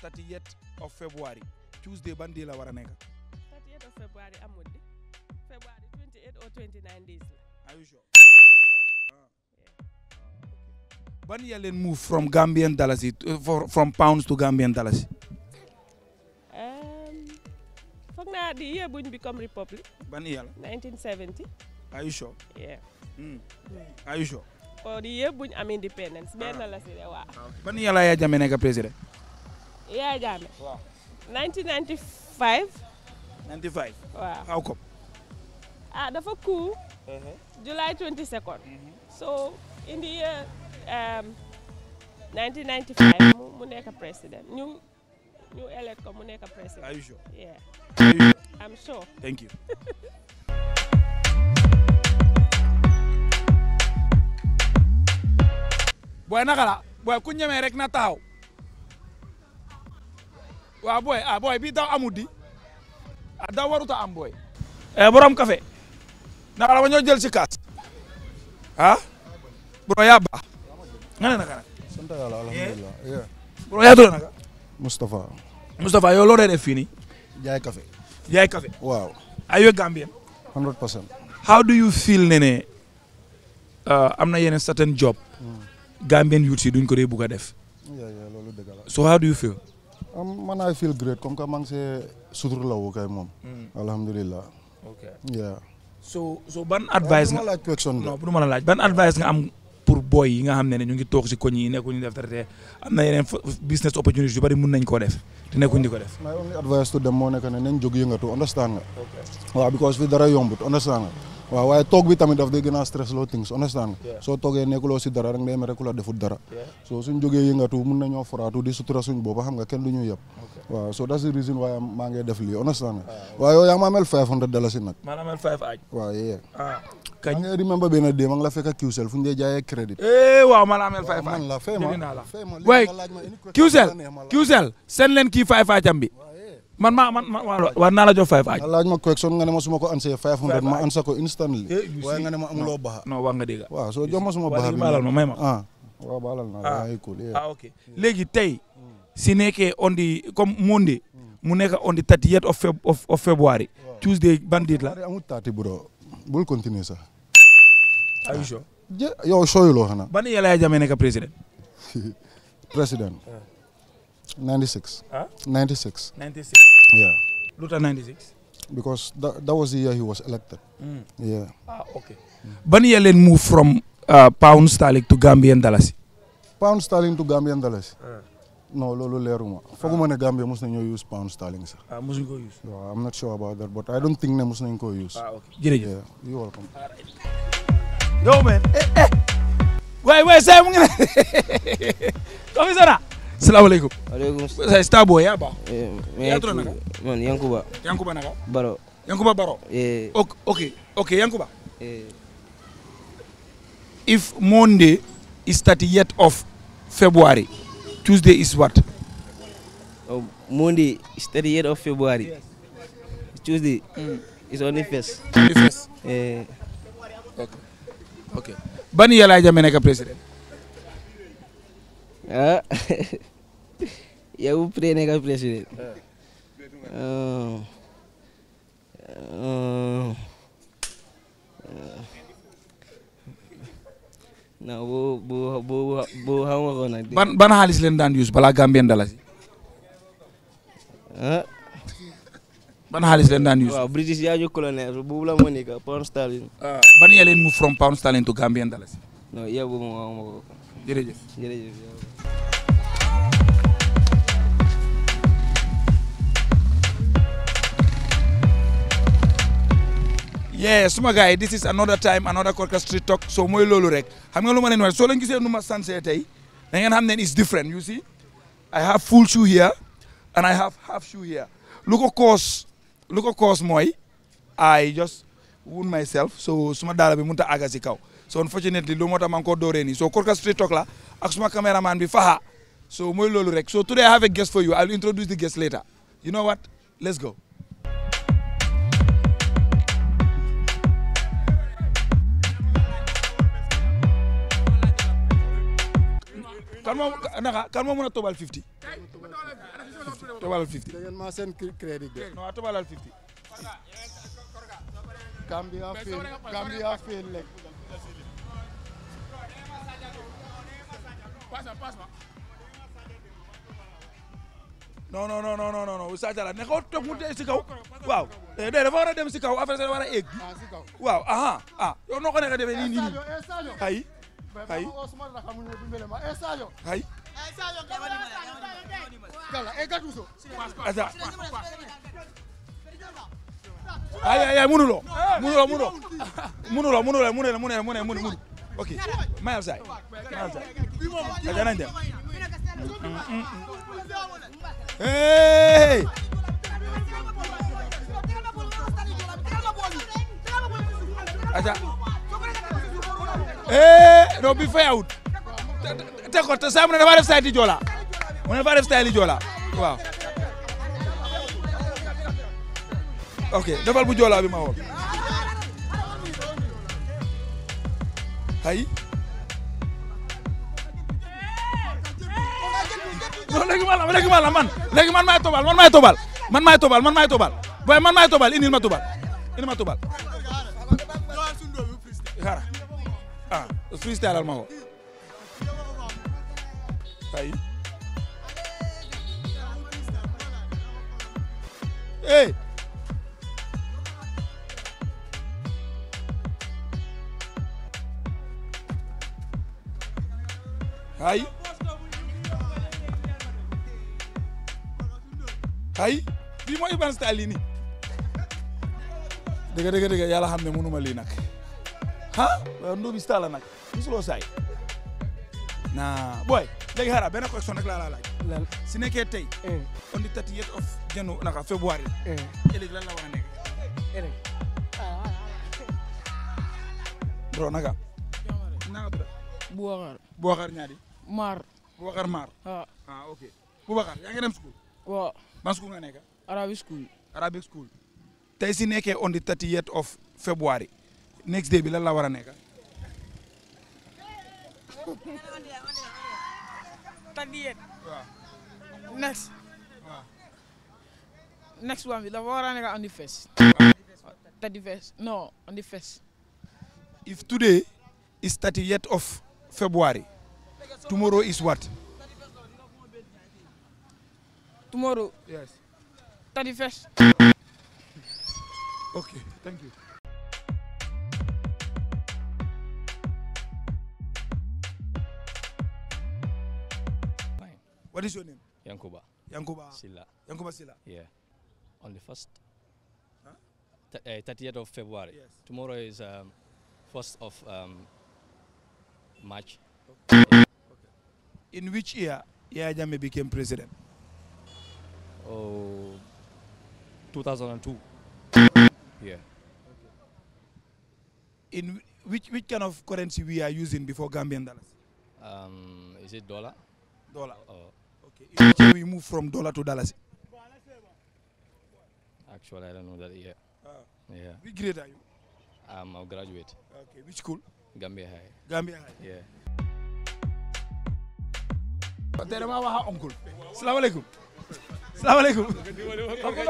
38 of February Tuesday ban day la wara a 38 of February amul di February 28 or 29 days la. Are you sure? ban year leen move from Gambian uh, for from pounds to Gambian Um foog naa di year buñ become republic. ban year 1970. Are you sure? Yeah. Mm. Are you sure? Or the year buñ am independence. Ah. benn la si de ban year la Yaya Jammeh nekk président. Yaya Jammeh. waaw 1995. 95. waaw how come. Ah, dafa coup. Uh-huh. July 22 mm-hmm. so in the year 1995 um, mu nekk président ñu elect ko mu nekk président. are you sure. yeah. I'm sure. Thank you. booy naka la booy ku ñemee rek na taxaw. wa boy, ah boy, bi daw amudi da ah daaw warut a am eh, borom café na la ñoo jël ci kaas ah. bro ya ba ngana ne naka nag. sant yàlla alhamdulilah. Eh? bro ya tudd naka. mustafa mustafa yo loo dee def café. jay café. wow are you gambien 100% how do you feel nene euh amna na certain job. Hmm. Gambian youth yi duñ ko Yeah yeah, a def. so how do you feel. am man I feel great comme que maa ngi see suturlawu kay moom. Hmm. alhamdulilah. ok yeah. so so ban advice. nga laaj question la laaj ban advice nga am pour boy yi nga xam ne ne ñu ngi toog si koñ yi nekkuñu def traité am na yeneen business opportunities yu bëri mun nañ koo def te nekkuñ di ko def. my dem moo nekk ne nañ jóg yëngatu understand nga. waaw because fi dara yombut understand nga. waaw waaye toog bi tamit daf day gën a stress loo things understand nga soo toogee nekkuloo si dara rek day mel rek ku la defut dara soo suñ jógee yëngatu mun nañoo foraatu di sutura suñ booba xam nga kenn du ñu yëpp waaw so that's the reason waaye maa ngi def lii understand nga ah, waaw yow yaa ma amel five hundred nag maa la amel five aj waaw yee ah, kañ maa ngi remember ma ngi la fekk QCell fu ñu dee jaayee crédit eh, waaw maa la ma waay QCell QCell seen leen kii five ajam bi man maa man ma war naa la jox five aj laaj ma question nga ma ko ansee five hundred ma ansa ko instantly eh, waaye nga ne ma amuloo baax non wax nga dégg ah, waaw ah. ah, tey si nekkee on di comme monde mu nekk on di thirty eight of feb of February Tuesday ban date la amul taati bro bul continuer sax ban yàlla yaa jamee nekk président président 96. Huh? 96. 96. Yeah. Luther 96. Because that, that was the year he was elected. Mm. Yeah. Ah, okay. Mm. When Yellen moved from uh, pound sterling to Gambian dollars? Pound sterling to Gambian dollars. Uh. Ah. No, lolo leruma. Foguma ne Gambia must not use pound sterling sir. Ah, must go use. No, I'm not sure about that, but I don't think they must not go use. Ah, okay. Jere, yeah, you're welcome. Yo man. Eh, eh. Wait, wait, say mungkin? Come here, salaamaaleykum. waaleykum salaam staa booy yaa ah, baax. Eh, yaa tudd naka. man Yankuba. Yankuba naka. Baro. Yankuba Baro. Eh. ok ok ok Yankuba. Eh. if Monday is 30th of February, Tuesday is what? Oh, Monday is 30th of February. Tuesday mm. is only first. Only first. Uh, okay. Okay. Bani president. Eh. ya, preenega o presidente. presiden, uh, bu bu bu bu xaw ma ko nag. ban ban xaalis leen daan use balaa Gambien dalasi. ah. Eh. ban xaalis leen daan use. waaw British ya ñu colonel bu la moo pound sterling. ah ban yaa leen mu from pound sterling to Gambien dalasi. No, nah, iya, ya bu ma xaw ma ko. jërëjëf jërëjëf. Yes, my guy. this is another time another Korka street talk so mooy loolu rek xam nga lu ma leen wax soo leen gisee nu ma sansee tey da ngeen xam ne is different you see I have full shoe here and I have half shoe here Look, of course, look of course, my, I just wound myself so suma daala bi mënut a àgg si kaw so unfortunately loolu moo tax maa so Korka Street Talk la ak suma cameraman bi Faha so mooy loolu rek so today I have a guest for you I'll introduce the guest later you know what let's go. passe passe ma non non non non non non Sa Thiara ne ko toog mu tey si kaw waaw eh, de dafa war a dem si kaw affaire sa war a egg ah, waaw aha ah, ah yow noo ko nekk demee nii nii eh, ay ay eh, ay ay ay ay munuloo munuloo munuloo munuloo munuloo ok mayal saay mayal nañ dem hey aja eh no te ko te saa mu ne dafa def style di joola mu ne dafa def style di joola waaw ok defal bu joola bi ma woon খাই non léegi ma la léegi ma la man léegi man maay tobal man maay tobal man maay tobal man maay tobal booy man maay tobal indil ma tobal indil ma tobal xara ah freestyle al ma ko ay eh Hai. Hai. mooy Iban Style yi nii. dëgg dëgg dëgg yàlla xam ne mënu ma lii nag. ah waaw Ndobi Style la nag musuloo saay. naa booy. léegi xaaral benn question rek laa la laaj. lan si nekkee tey. Eh. on the 30th of January naka eh. a nekk. ëllëg. Eh, bro naka. naka bu baax. bu baax mar, bubakar mar, ah, ah ok bubakar ya ngi dem school. wa ban school nga nekk. Arabic school. Arabic school. tay si neke on the 30th of February next day bi la la wara yet, next. next one bi dafa war on the first. thirty first no on the first. if today is 30th of February. Tomorrow is what? Tomorrow? Yes. 31st. Okay, thank you. What is your name? Yankuba. Yankuba. Silla. Yankuba Silla. Yeah. On the first, huh? Th uh, eh, 30th of February. Yes. Tomorrow is um, first of um, March. Okay in which year Yaya Jammeh became president? Oh, 2002. yeah. Okay. In which which kind of currency we are using before Gambian dollars? Um, is it dollar? Dollar. Oh. Okay. In we move from dollar to dollars. Actually, I don't know that yet. Uh, yeah. Which grade are you? I'm um, a graduate. Okay. Which school? Gambia High. Gambia High. Yeah. kon tey damaa wax ak oncle salaamaaleykum salaamaaleykum oncle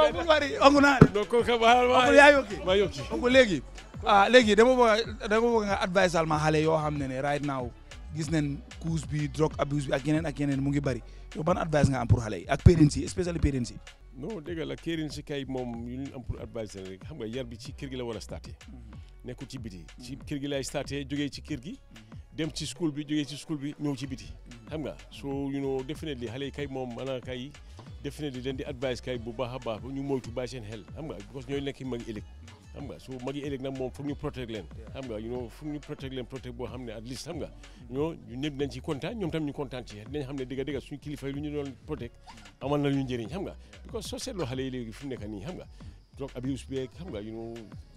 naa oncle yaa yokki oncle léegi ah léegi dama bëgg dama bëgg nga advice al ma xale yoo xam ne ne right now gis nañ couche bi drogue abuse bi ak yeneen ak yeneen mu ngi bari yow ban advice nga am pour xale yi ak parents yi especially parents yi non dégg la parents yi kay moom yu ñu am advice nga yar ci kër la war a starté mm-hmm. nekkul ci biti ci kër lay starté jógee ci kër gi mm-hmm. dem ci school bi jógee ci school bi ñëw ci biti xam nga soo you know definitely xale yi kay moom maanaam kay definitely leen di advice kay bu baax a baax ba ñu moytu bàyyi seen xel xam nga because ñooy nekk mag ëllëg xam nga su mag yi moom foog ñu protect leen xam nga ñu protect leen protect boo xam ne at least xam nga ñoo ñu ñëpp nañ ci kontaan ñoom tam ñu kontaan ci dinañ xam ne dëgg dëgg suñu kilifa yi ñu doon protect amal na ñu njëriñ xam nga because soo seetloo xale yi léegi fi mu nekk nii xam nga drug abuse beeg xam nga you know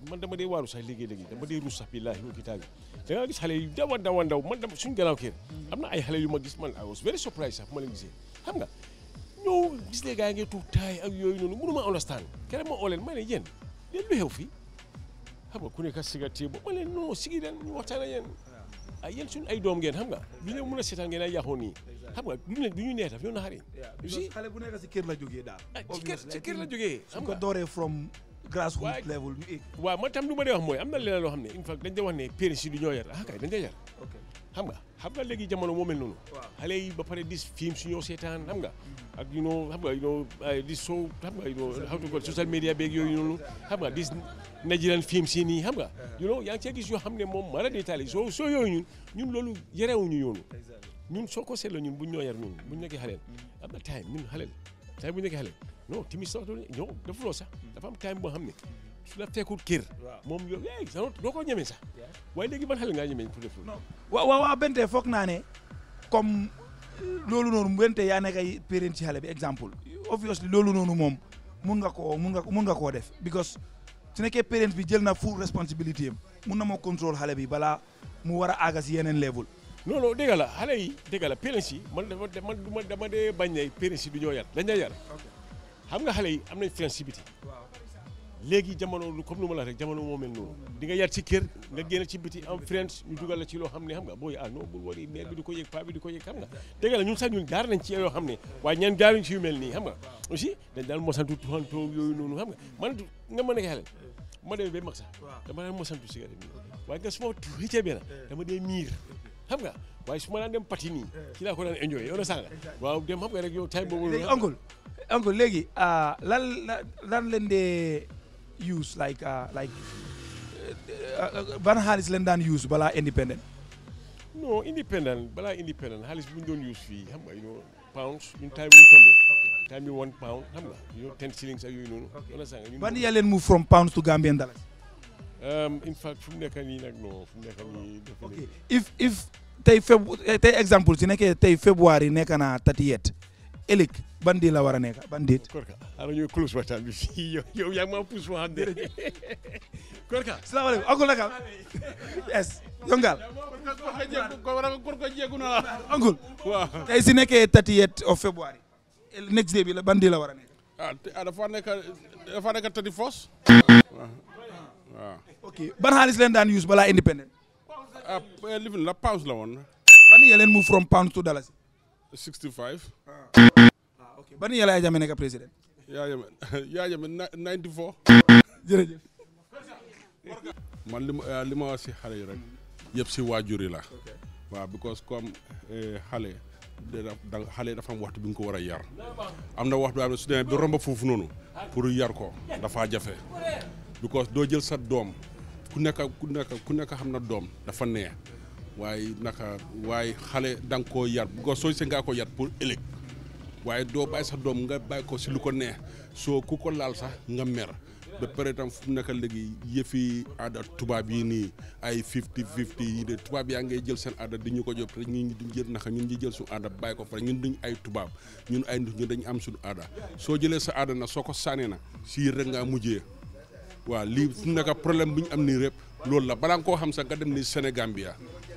man dama dee waaru sax léegi-léegi dama dee ruus sax billaahi wa kitaabi da nga gis xale yu daw a daw a man dama suñu gannaaw kër am na ay xale yu ma gis man I was very surprised sax ma leen gisee xam nga ñoo gis ne gaa yi ngay tuug taay ak yooyu noonu mënu ma understand kere ma oo leen ma ne yéen leen lu xew fii xam nga ku nekk siga téye ba ma leen non sigi leen ñu waxtaan ak ay yéen suñu ay doom ngeen xam nga du ñu mën a seetaan ngeen nii xam nga du ñu du ñu neex daf ñu naxari si xale bu nekk si kër la jógee daal ah, ci kër tam lu ma dee wax mooy am na leneen loo xam ne in fact dañ dee wax ne parents yi du ñoo yar ah kay dañ dee xam nga xam nga léegi jamono moo mel noonu. xale yi ba pare dis film su seetaan xam nga. ak you know xam nga you know dis soo xam nga you know how to call social media beeg yooyu noonu xam nga dis Nigerian film si nii xam nga. you know yaa ngi cee gis yoo xam ne moom mara détaillé soo soo yooyu ñun ñun loolu yarewuñu yoonu. ñun soo ko seetloo ñun ñu ñoo yar ñun buñ nekkee xaleel mm-hmm. am na time ñun xaleel time buñ nekkee xaleel non timis sax ñoo defuloo sax mm-hmm. dafa am time boo xam ne. Mm-hmm. su la fekkul kër. moom yow eh doo ko ñeme sax. waaye léegi man xale ngaa ñeme pour def loolu. waaw waaw waaw foog naa ne comme euh, loolu noonu Bente yaa nekk ay parent ci bi exemple. obviously loolu noonu moom mun nga koo mun nga mun koo def because su nekkee parent bi jël na full responsibility am mun na moo contrôle xale bi balaa mu war a àgg si yeneen level. non non dégg la xale yi dégg la parents yi man dama dama dama dee bañ ne parents yi du ñoo yar dañ lay yar. xam nga xale yi am na sensibilité. waaw léegi jamono lu comme lu moo mel noonu di yar ci kër nga génn ci biti am friends ñu dugal la ci loo xam ne xam nga booy ah non bul wari maire bi di ko yëg paa bi di ko yëg xam nga dëgg la ñun sax nga ma dama daan mosantu cigarette nii waaye nga eh. xam nga waaye su ma daan dem pati nii eh. ci laa ko daan enjoy yow na sànga waaw dem xam nga rek yow time boobu oncle oncle léegi ah, lan lan leen dee use like uh, like uh, uh, ban xaalis leen daan use balaa independent. non independent balaa independent xaalis bu ñu doon use fii xam nga you know pounds ñun time ñu tombé time yi one pound xam nga you know ten shillings ak yooyu noonu. ban yaa leen move from pounds to Gambian dollars. Um, in fact fu mu nekk nii nag non fu mu nekk nii. ok if if tey feb eh, tey exemple su nekkee tey février nekk naa thirty-eight ëllëg ban di la war a nekk ban déet. Korka xaaral ñu close waxtaan bi fii yow yow yaa ngi maa pousse ma xam ne. Korka salaamaaleykum oncle naka yes yongal. Korka jéegu na la. oncle. waaw tey si nekkee thirty eight of February. next day bi la ban di la war a nekk. ah te ah dafa nekk dafa nekk thirty first. waaw. ok ban xaalis leen daan use balaa independent. ah eh, living la pounds la woon. ban yéen leen move from pounds to dalasi. 65. ah ok ban yàlla Yaya Jammeh nekk président. Yaya Jammeh Yaya Jammeh 94. man li ma ah, li ma wax si xale yi rek. yëpp si waajur yi la. waaw because comme eh, xale. da xale dafa am waxtu bi nga ko war a yar am na waxtu bi am na su bi romb foofu noonu pour yar ko dafa jafe because doo jël sa doom ku nekk ku nekk ku nekk xam na doom dafa neex waaye naka waaye xale da nga koo yar bu ko sooy se ngaa ko yar pour ëllëg waaye doo bàyyi sa doom nga bàyyi ko si lu ko neex soo ku ko laal sax nga mer ba pare tam fu mu nekk léegi yëfi aada tubaab yi nii ay fifty fifty yi de tubaab yaa ngay jël seen aada di ñu ko jox te ñun duñ jël naka ñun ñu jël suñu aada bàyyi ko pare ñun duñ ay tubaab ñun ay ndu ñu dañ am suñu aada soo jëlee sa aada na soo ko sànnee na si rek ngaa mujjee waaw lii fu mu problème bu ñu am nii rek loolu la balaa nga koo xam sax nga dem ni Sénégambia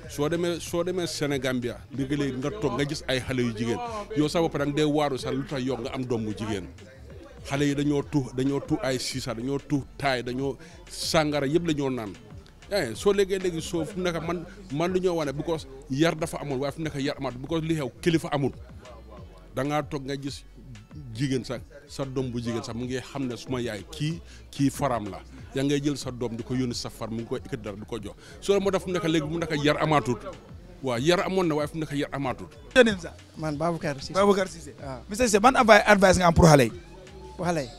soo demee soo demee senegam Sénégambia léegi-léegi nga toog nga gis ay xale yu jigéen yow sax ba pare danga dee waaru sax lu tax yow nga am doom bu jigéen xale yi dañoo tuux dañoo tuux ay siisa dañoo tuux taay dañoo sàngara yëpp la ñoo naan eh soo léegee léegi soo fu mu nekk man man lu ñoo wane because yar dafa amul waaye fu mu nekk yar amaat because li xew kilifa amul da ngaa toog nga gis jigéen sax sa doom bu jigéen sax mu ngi xam ne suma yaay kii kii faram la ya ngay jël sa dom diko yoni yónni sa far mu ngi koy dar diko jox so mo daf nek mu mu nek yar amatut. wa yar amoon na waaye fu mu yar amatut. man Babacar Cissé Babacar Cissé Ah. monsieur Cissé ban advice nga am pour halay pour halay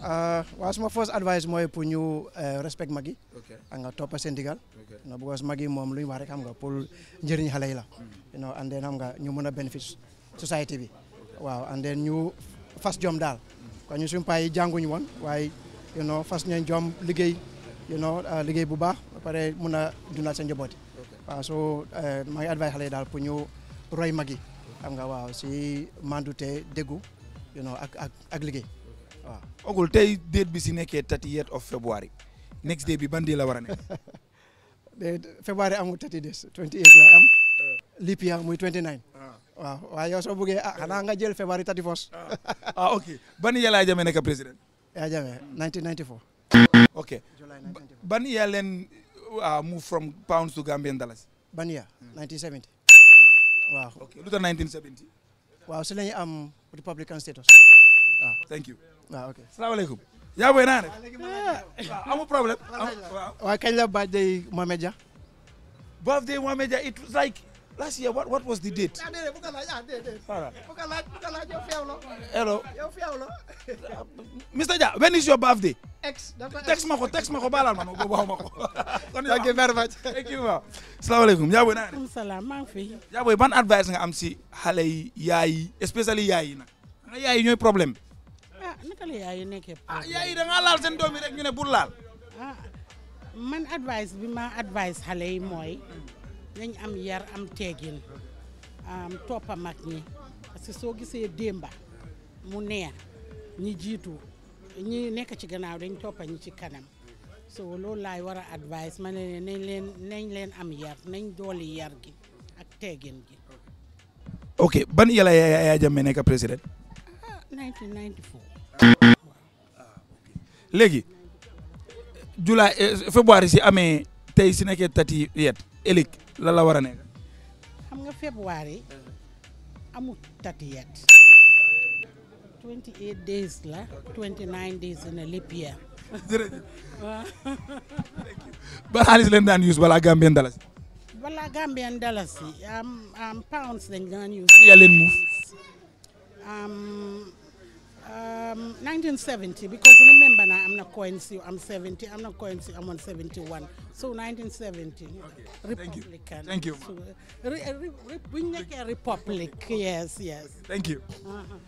ah wa suma first advice moy pour ñu eh, respect magi. ok ah, nga top sénégal no because magi yi moom luy war rek xam nga pour njëriñ halay la hmm. you know and then xam nga ñu mëna bénéfice society bi. waaw and then ñu fas jom dal hmm. kon ñu suñu pay yi ñu won waye you know fas ñeen jom liggéey ah, liggéey bu baax ba pare mun a dundal seen njaboot waaw so eh, maa ngi daal pour ñu roy mag yi xam nga waaw si mandute déggu you know ak ak liggéey waaw ogul tey date bi si nekkee thirtieth of February next day bi ban day la war a nekk February amul thirty days twenty eight am ah. leap year muy twenty nine ah. waaw yoo yow soo bëggee ah xanaa nga jël February thirty first ah ok ban yàlla jame président Yeah, Jame, 1994. Okay. July 1994. Ban year len uh, ah, move from pounds to Gambian dollars? Ban year, mm. 1970. Mm. Wow. Okay. Luta 1970. Wow, so then am Republican status. Ah. Thank you. Ah, okay. Assalamu alaikum. yaa booy naa ne ah, amu problème. Ah, waaw birthday Mohamed Dia. birthday Mohamed Dia it was like what was the date. ah déedéet bu ko la. hello yow feew la. Mr Dia when is your birthday. text ma ko text ma ko baalal ma ko baax ma ko. kon yaa am si xale yi yaay yi especially yaay yi nag. nga yaay ah naka la nekkee. ah laal ñu ne bul laal. ah man advice bi ma advice xale yi mooy. nañ am yar am teegin am toppa mag ñi parce que soo gisee démba mu neex ñi jiitu ñi nekk ci gannaaw dañ toppa ñi ci kanam so loolu laay war a advice ma ne nañ leen nañ leen am yar nañ dooli yar gi ak teegin gi ok ban yàlla Yaya Jammeh nekk président 1994 ah, léegi julaay eh, février si amee tey si nekkee tati yet elik la la wara nek xam nga février amul tatiyet 28 days la 29 days in a leap year. jërëjëf waaw. ba xalis len dan use bala Gambien dalas bala Gambien dalas am am pounds den daan use. Ya move. leen muuf. Um, 1970 because remember now I'm not coincid I'm 70 I'm not coincid I'm on 71 so 1970 okay. Republican thank you thank you we make a republic yes yes thank you uh -huh.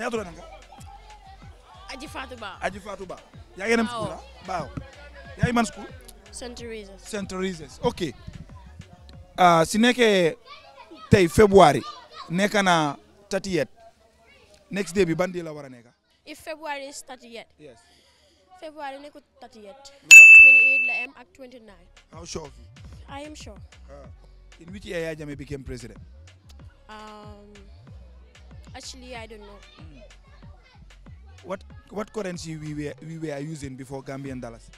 yaa tudd na nga. Aji Fatou Ba. Aji Fatou Ba. yaa ngi school ah baaw. yaa man school. Saint Teresa's. Saint Teresa's ok. Ah, si nekkee tey February neka na 30th next day bi ban la war a nekk. if February is 30th. yes. February nekkul 30th. 28 la am ak 29. how sure. I am sure. Ah. in which year Yaya became president. Um, Actually, I don't know. Mm. What what currency we were we were using before Gambian dollars?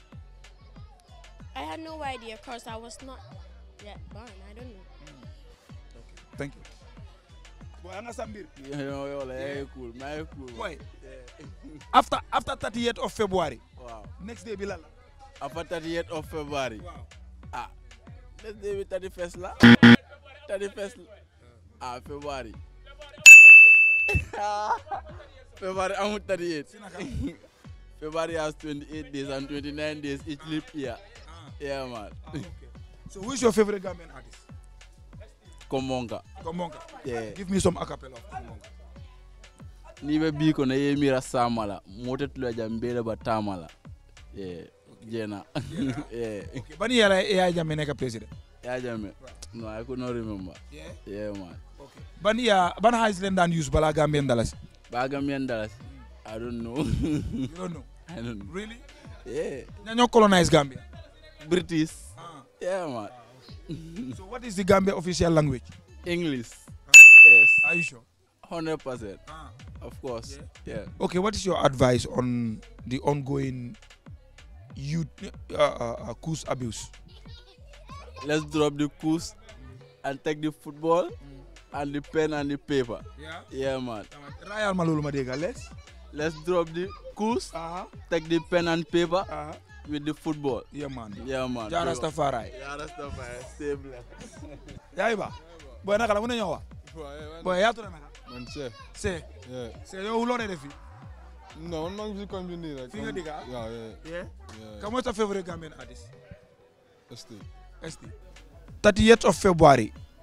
I had no idea because I was not yet born. I don't know. Mm. Okay. Thank you. after after 38th of February. Wow. Next day, Bilala. After 38th of February. Wow. Ah, next day, 31st la. 31st la. Ah, February. February, I'm 38. February has 28 days and 29 days each leap year. Ah. Yeah, man. Uh, okay. So who is your favorite Gambian artist? Komonga. Komonga. Yeah. Give me some acapella of Komonga. Niwe biko na yemi mira samala. Mote tuliaja mbele ba tamala. Yeah. Jena. Yeah. yeah. Okay. Bani yala yeye jamene ka president. Yeah, jamene. No, I could not remember. Yeah. Yeah, man. ban yaa ban xaalis leen daan use balaa Gambian dalasi. balaa Gambian dalasi. I don't know. you don't know. I don't know. really. yeah. ñoo colonise Gambia. British. ah yeah man. so what is the Gambia official language. English. Ah. yes. are you sure. hundred percent. Ah. of course. yeah. okay what is your advice on the ongoing youth uh, uh, uh abuse. let's drop the coups and take the football. Mm. and the pen and the paper. Rayal ma ma déggal. Let's let's drop the course. Uh-huh. Take the pen and paper. Uh-huh. With the football. Yeah, man. Yeah, man. Jaa Rastafari. Jaa Rastafari. Stay blessed. Yaiba. Boy naka la ne ñoo wa. Boy yaa tudd naka. Man Cheikh. Cheikh. Yeah. Cheikh yow loo ne def fii. Non, man fi comme nga digga. Yeah, yeah. Yeah. Kan February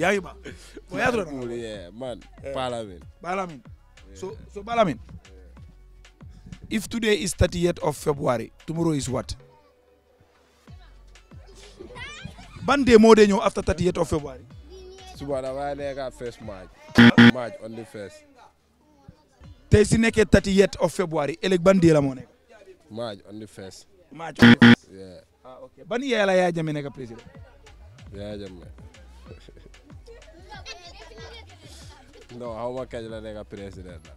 yaa ngi ba booy yaa na. yeah man eh. Balamin. Balamin if today is 30th of February tomorrow is what. ban day moo dee ñëw after 30th of February. suba dafay nekk first March. March only si nekkee 30 of February ëllëg ban day la moo nekk. Ah, ban yeela Yaya Jammeh nekk président. Yaya No, how much can you like president?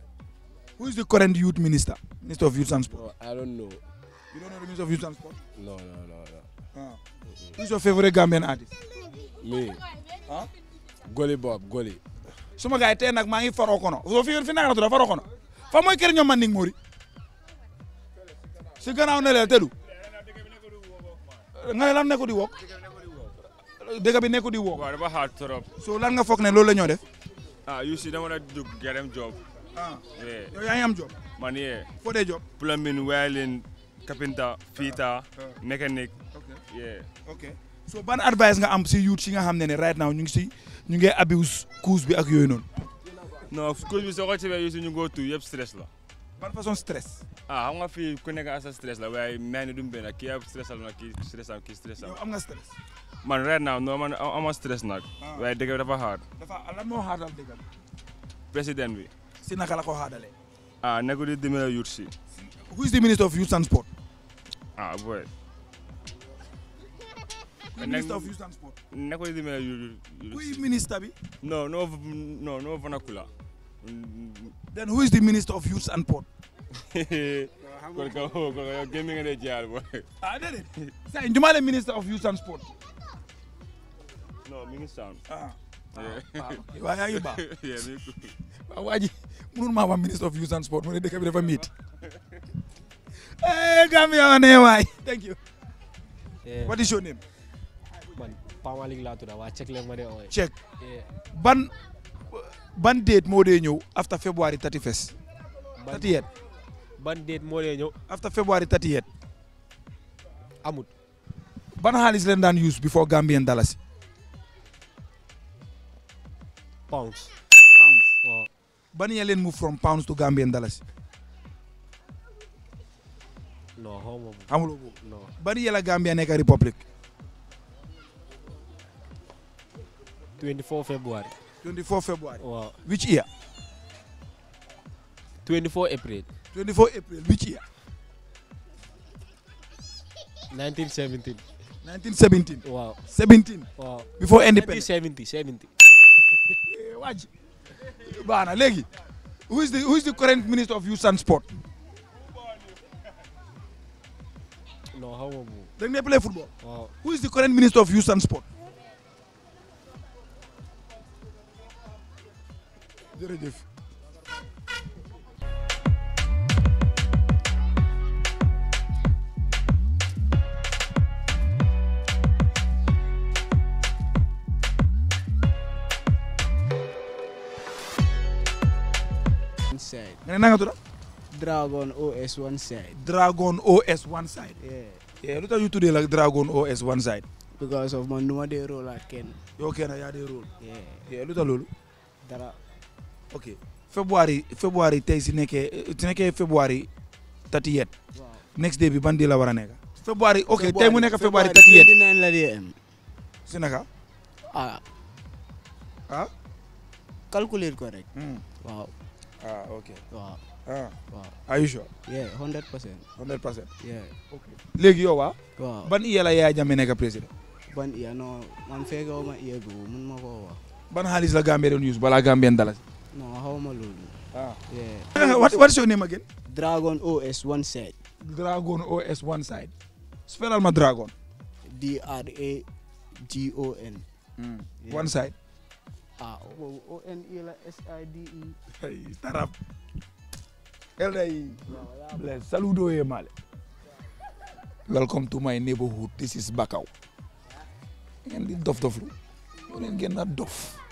Who is the current youth minister? Minister of Youth and Sport? No, I don't know. You don't know the Minister of Youth and Sport? No, no, no, no. Ah. Who's your favorite Gambian artist? Me. Huh? Goli Bob, Goli. Suma guy, tay nak ma ngi faro kono. So fi fi Farokono. tudda faro kono. Fa moy kër ñom man ni ngori. Si gannaaw na leen teddu. Nga lam ne ko di wok. Dëgg bi ne ko di wok. Waaw dafa xaar trop. So lan nga fokk ne loolu la ñoo ah you see dama la dug get am job ah yow yaa ngi am job man yeah foo dee job plumbing welding carpenter fitter ah. Ah. mechanic yeah ok so ban advice nga am si youth si nga xam ne ne right now ñu ngi si ñu ngi abuse cause bi ak yooyu noonu non cause bi soo ko ci wee yu tu yëpp stress la ban façon stress ah xam nga fii ku nekk stress la waaye mel ni ben mu benn kii ab stress la kii stress am kii stress am nga stress man right now non man ama stress nag. Ah. waaye dëgg bi dafa hard. dafa lan moo hardal dëgg bi. président bi. si naka la ko hardalee. ah nekkul di dimbali youth si. who is the minister of youth and sport. ah boy. minister of youth and sport. nekkul di dimbali youth. kuy ministre bi. non non non non Vanakula. then who is the minister of youth and sport. kon ka kon ka yow gémmi nga dee jiyaal boy. ah déedéet. saa yi jumaale minister of youth and sport. non mi ngi sound. waaw waa ji mënul maa wax ministre of youth and sport mu ne dëkk bi dafa miit. Eh, Gambia ne waay thank you. what is your name. man ban ban date moo dee ñëw after February 31st. ban date moo dee ñëw. after February 31. amut. ban xaalis leen daan use before Gambian dalasi. Pounds. Pounds. Wow. When you move from pounds to Gambian dollars? No, homo. Amulo. No. When you Gambia Neka Republic? 24 February. 24 February. Wow. Which year? 24 April. 24 April. Which year? 1917. 1917. Wow. 17. Wow. Before independence. 1970 70. waa ji na léegi who is the who is the current minister of youth and sport. non jërëjëf. side. nga nga tudd. Dragon OS one one side. yeah lu tax ñu la Dragon OS one side. because of man nu ma dee rôle ak kenn. yow kenn yaa dee rôle. yeah lu tax loolu. February February tey si nekkee February thirty yet. next day bi ban la war a nekk. February ok tey mu nekk February thirty yet. si naka. ah. ah. ko rek. Hmm. waaw. ah ok waaw. Ah. you sure. yeah yow ah? waa. ban iya la Yaya Jammeh président. ban iya man fekke wu iya boobu mun ma koo ban xaalis la Gambie doon use balaa Gambien dalasi. non xaw ma loolu. Ah. what is your name again. Dragon OS one side. Dragon OS one side. spellal ma Dragon. D R A G O N. Hmm. one side. Ah, waaw boobu e e. welcome to my neighborhood this is Bakau. ngeen di dof dof lu. ñoo leen gën a dof.